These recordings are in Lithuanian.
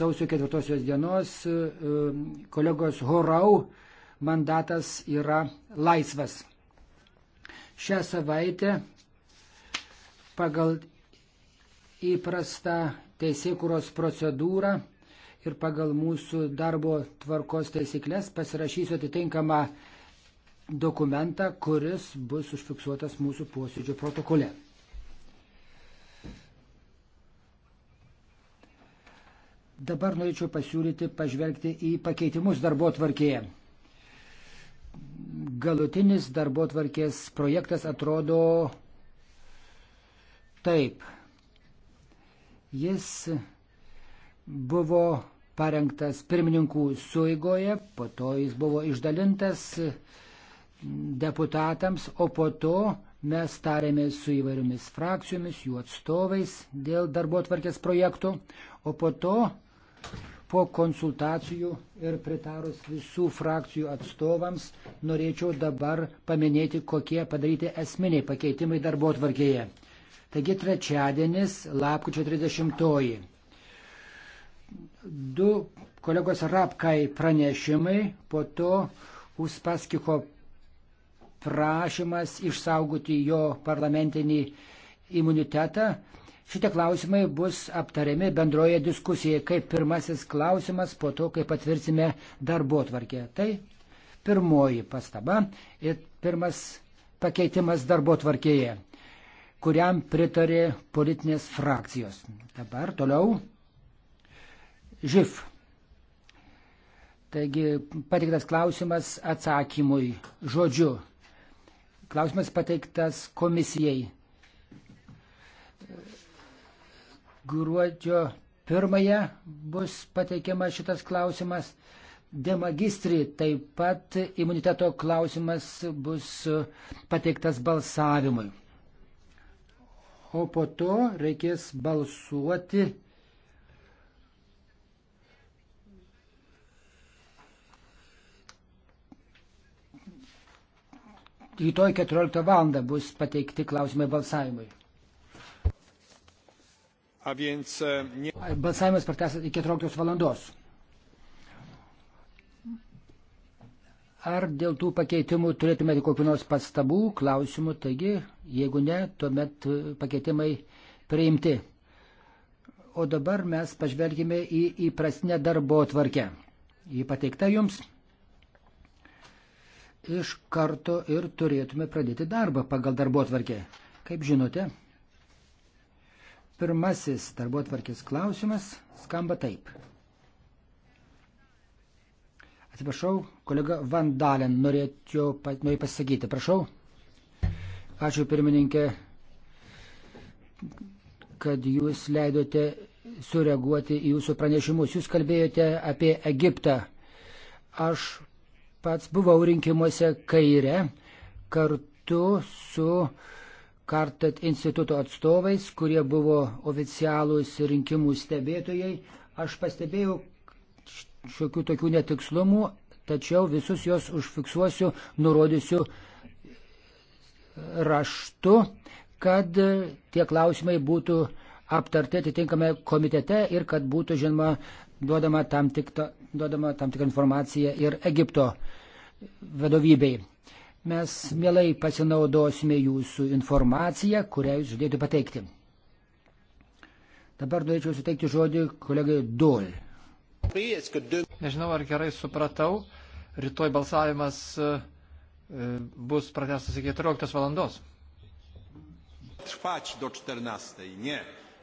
sausio ketvirtosios dienos e, e, kolegos Horau mandatas yra laisvas. Šią savaitę pagal įprastą teisėkuros procedūrą ir pagal mūsų darbo tvarkos taisyklės pasirašysiu atitinkamą dokumentą, kuris bus užfiksuotas mūsų posėdžio protokole. Dabar norėčiau pasiūlyti pažvelgti į pakeitimus darbo tvarkėje. Galutinis darbo tvarkės projektas atrodo taip. Jis buvo parengtas pirmininkų suigoje, po to jis buvo išdalintas deputatams, o po to mes tarėmės su įvairiomis frakcijomis, jų atstovais dėl darbo atvarkės projektų, o po to Po konsultacijų ir pritarus visų frakcijų atstovams norėčiau dabar paminėti, kokie padaryti esminiai pakeitimai darbo atvarkėje. Taigi trečiadienis, lapkričio 30. Du kolegos Rapkai pranešimai, po to Uspaskiko prašymas išsaugoti jo parlamentinį imunitetą Šitie klausimai bus aptariami bendroje diskusijoje kaip pirmasis klausimas po to, kai patvirtime darbo tvarkę. Tai pirmoji pastaba ir pirmas pakeitimas darbo tvarkėje, kuriam pritarė politinės frakcijos. Dabar toliau. Živ. Taigi pateiktas klausimas atsakymui žodžiu. Klausimas pateiktas komisijai. Gruodžio pirmąją bus pateikiama šitas klausimas. Demagistri taip pat imuniteto klausimas bus pateiktas balsavimui. O po to reikės balsuoti rytoj 14 val. bus pateikti klausimai balsavimui. A więc e, nie... Balsavimas pratęstas iki 14 valandos. Ar dėl tų pakeitimų turėtumėte kokių nors pastabų, klausimų? Taigi, jeigu ne, tuomet e, pakeitimai priimti. O dabar mes pažvelgime į įprastinę darbo tvarkę. Ji pateikta jums. Iš karto ir turėtume pradėti darbą pagal darbo tvarkę. Kaip žinote, Pirmasis darbotvarkės klausimas skamba taip. Atsiprašau, kolega Vandalen, norėčiau pasisakyti. Prašau. Ačiū pirmininkė, kad jūs leidote sureaguoti į jūsų pranešimus. Jūs kalbėjote apie Egiptą. Aš pats buvau rinkimuose kaire kartu su uh, Kartat instituto atstovais, kurie buvo oficialūs rinkimų stebėtojai. Aš pastebėjau šiokių tokių netikslumų, tačiau visus juos užfiksuosiu, nurodysiu raštu, kad tie klausimai būtų aptarti atitinkame komitete ir kad būtų, žinoma, duodama tam, tikta, duodama tam tikrą informaciją ir Egipto vadovybei. Mes mielai pasinaudosime jūsų informaciją, kurią jūs žadėjote pateikti. Dabar norėčiau suteikti žodį kolegai Dol. Nežinau, ar gerai supratau, rytoj balsavimas e, bus pratestas iki 14 valandos. Trwać do 14. Nie.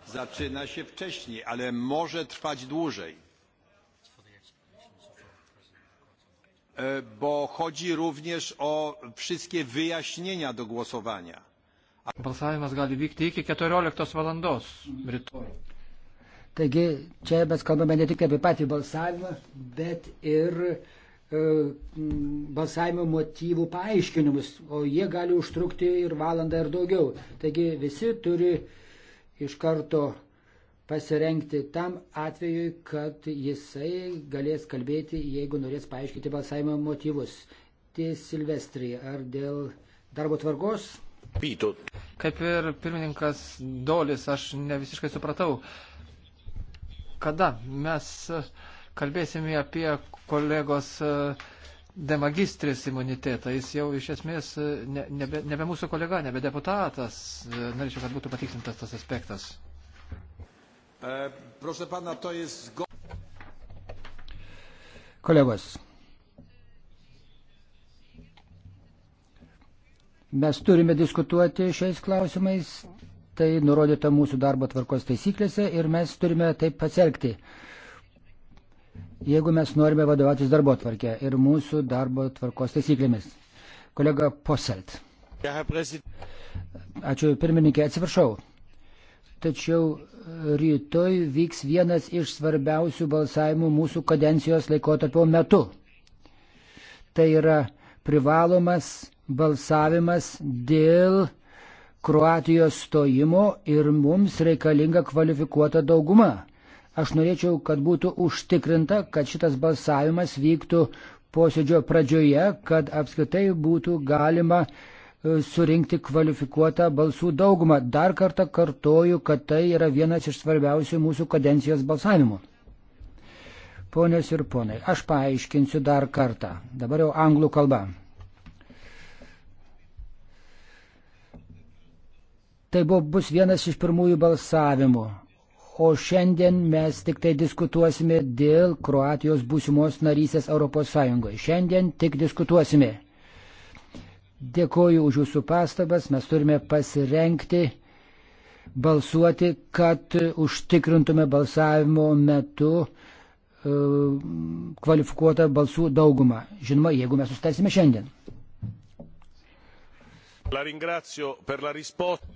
Zaczyna się wcześniej, ale może trwać dłużej. E, bo chodzi również o wszystkie wyjaśnienia do głosowania. Balsavimas gali vykti iki 14 valandos rytoj. Taigi čia mes kalbame ne tik apie patį balsavimą, bet ir e, balsavimo motyvų paaiškinimus, o jie gali užtrukti ir valandą ir daugiau. Taigi visi turi iš karto pasirengti tam atvejui, kad jisai galės kalbėti, jeigu norės paaiškinti balsavimo motyvus. Ties Silvestri, ar dėl darbo tvarkos? Pytų. Kaip ir pirmininkas Dolis, aš ne visiškai supratau, kada mes kalbėsime apie kolegos e, demagistris imunitetą. Jis jau iš esmės e, nebe, nebe mūsų kolega, nebe deputatas. E, norėčiau, kad būtų patikslintas tas aspektas. E, proszę pana, to jest. Kolegos. Mes turime diskutuoti šiais klausimais, tai nurodyta mūsų darbo tvarkos taisyklėse ir mes turime taip pasielgti. Jeigu mes norime vadovautis darbo tvarkė ir mūsų darbo tvarkos taisyklėmis. Kolega Poselt. Ačiū pirmininkė, atsiprašau. Tačiau rytoj vyks vienas iš svarbiausių balsavimų mūsų kadencijos laikotarpio metu. Tai yra privalomas balsavimas dėl Kroatijos stojimo ir mums reikalinga kvalifikuota dauguma. Aš norėčiau, kad būtų užtikrinta, kad šitas balsavimas vyktų posėdžio pradžioje, kad apskritai būtų galima uh, E, surinkti kvalifikuotą balsų daugumą. Dar kartą kartoju, kad tai yra vienas iš svarbiausių mūsų kadencijos balsavimų. Ponios ir ponai, aš paaiškinsiu dar kartą. Dabar jau anglų kalba. Tai buvo, bus vienas iš pirmųjų balsavimų. O šiandien mes tik tai diskutuosime dėl Kroatijos būsimos narysės ES. Šiandien tik diskutuosime. Dėkoju už jūsų pastabas, mes turime pasirenkti balsuoti, kad užtikrintume balsavimo metu e, kvalifikuotą balsų daugumą. Žinoma, jeigu mes sustarsime šiandien.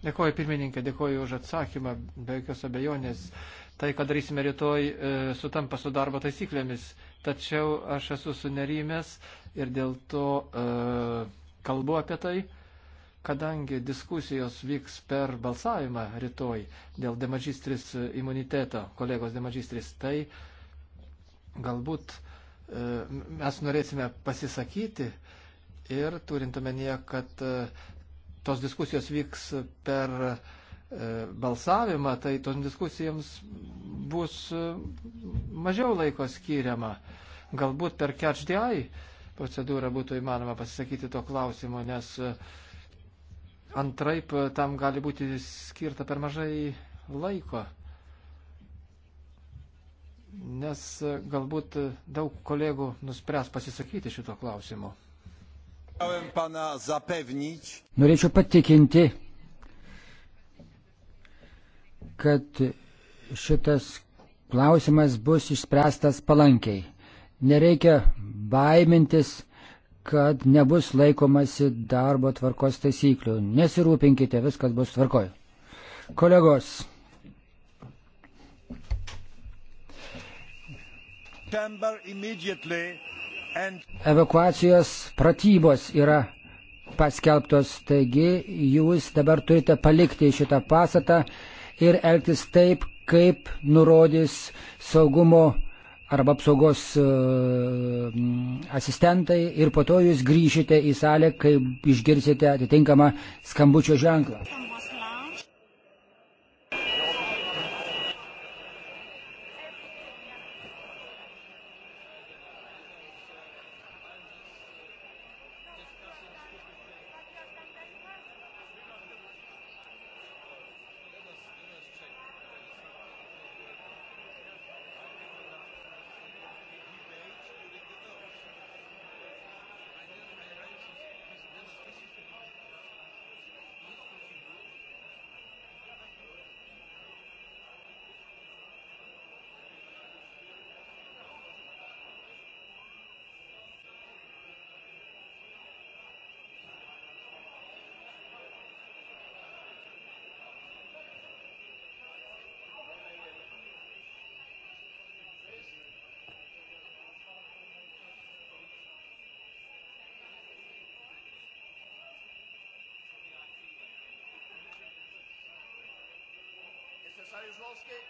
Dėkoju pirmininkė, dėkoju už atsakymą, be jokios abejonės. Tai, ką darysime rytoj, e, sutampa su darbo taisyklėmis, tačiau aš esu sunerimęs ir dėl to. Uh, e, kalbu apie tai, kadangi diskusijos vyks per balsavimą rytoj dėl demažistris imuniteto, kolegos demažistris, tai galbūt e, mes norėsime pasisakyti ir turint omenyje, kad e, tos diskusijos vyks per e, balsavimą, tai toms diskusijoms bus mažiau laiko skiriama. Galbūt per catch the eye procedūrą būtų įmanoma pasisakyti to klausimu, nes e, antraip e, tam gali būti skirta per mažai laiko. Nes e, galbūt daug kolegų nuspręs pasisakyti šito klausimu. Norėčiau patikinti, kad šitas klausimas bus išspręstas palankiai. Nereikia baimintis, kad nebus laikomasi darbo tvarkos taisyklių. Nesirūpinkite, viskas bus tvarkoj. Kolegos. Evakuacijos pratybos yra paskelbtos, taigi jūs dabar turite palikti šitą pasatą ir elgtis taip, kaip nurodys saugumo arba apsaugos e, mm, asistentai ir po to jūs grįšite į salę, kai išgirsite atitinkamą skambučio ženklą. Mrs. Saryusz-Wolskiej.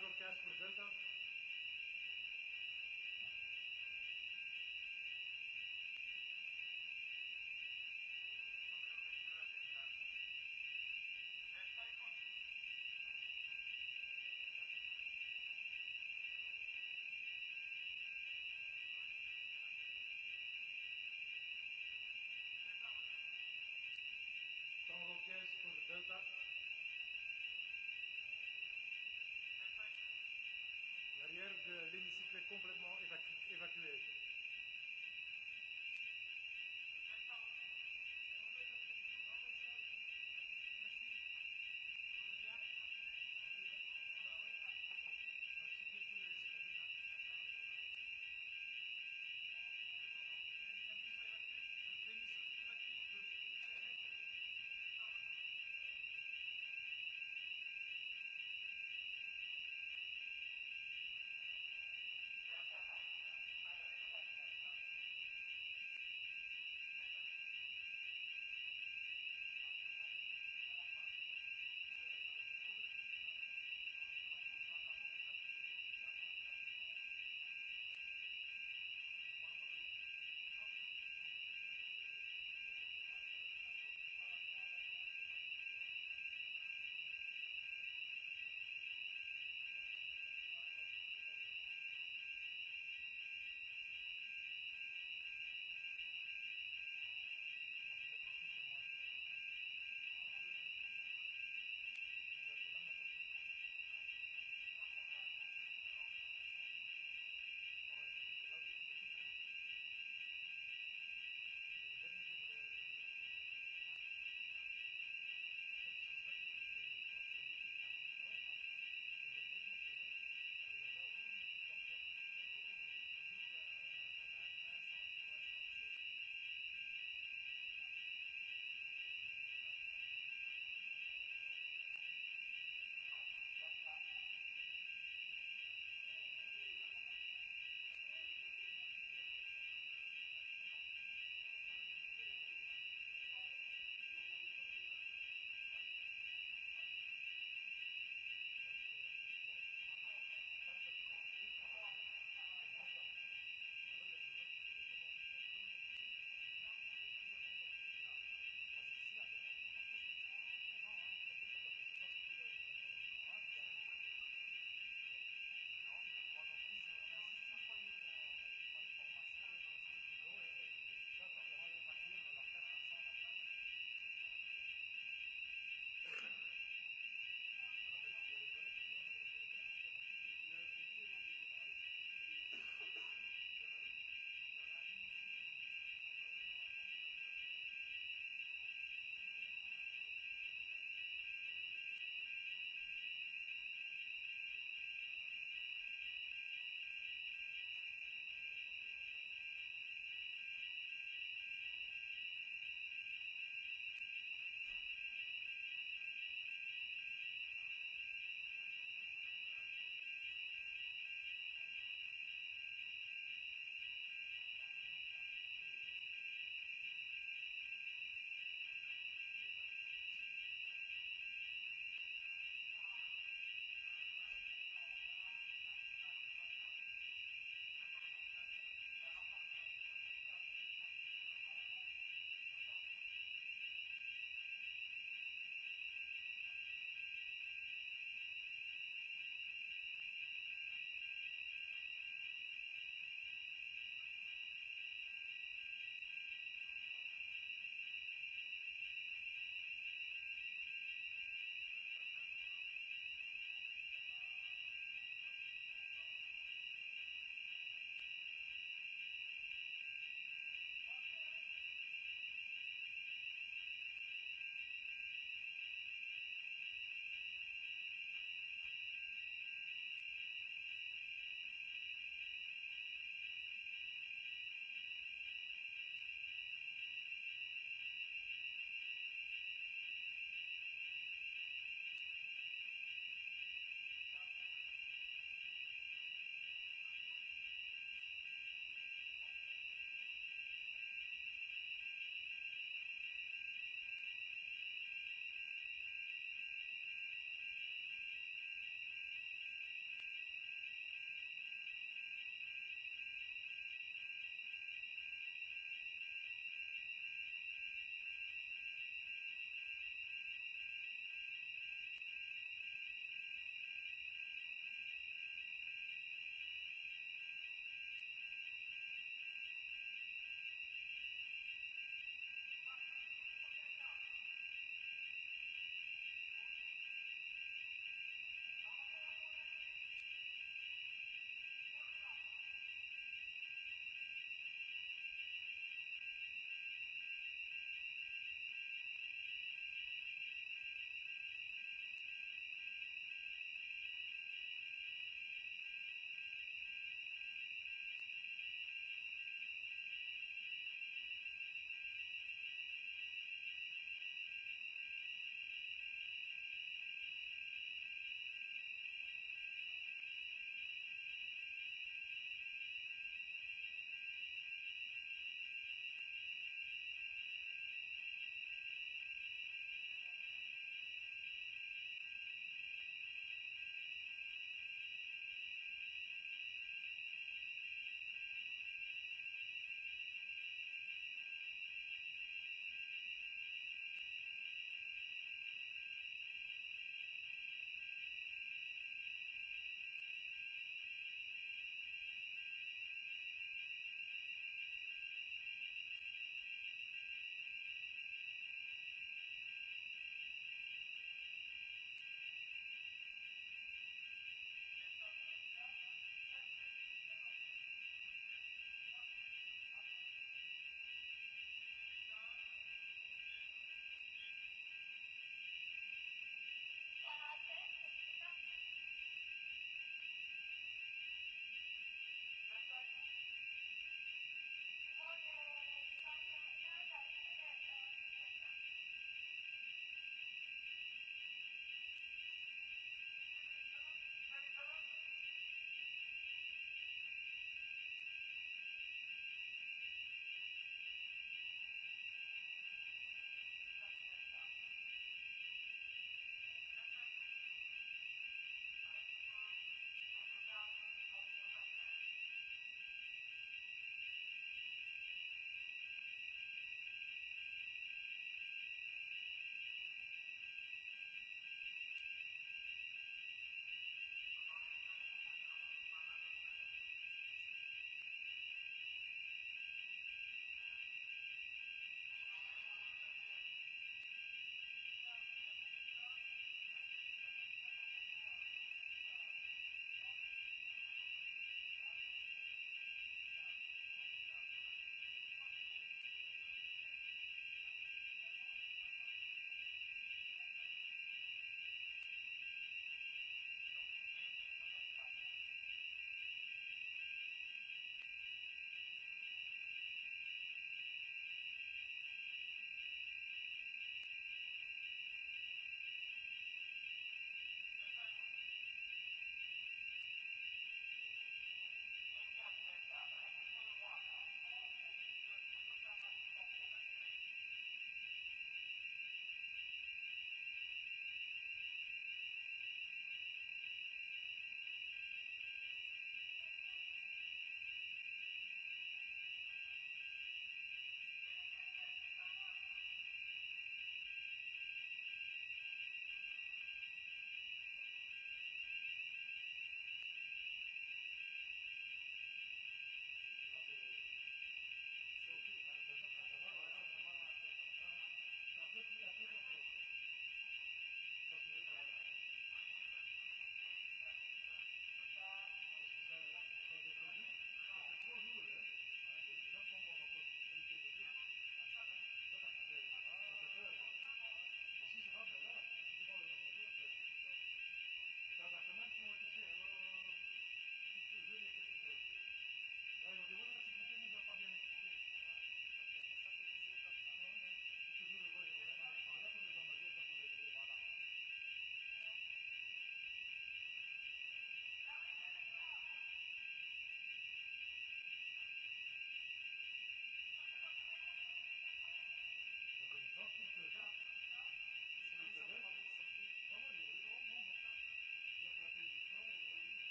broadcast for the complètement évacué.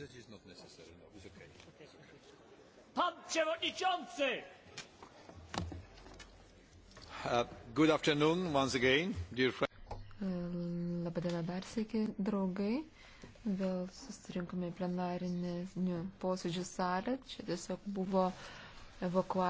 That is not necessary. No, it's okay. Pan Przewodniczący! Uh, good afternoon once again, dear friends. Um, Labadiena dar sėki, draugai. Vėl susirinkome plenarinį posėdžių salę. Čia tiesiog buvo evakuacija.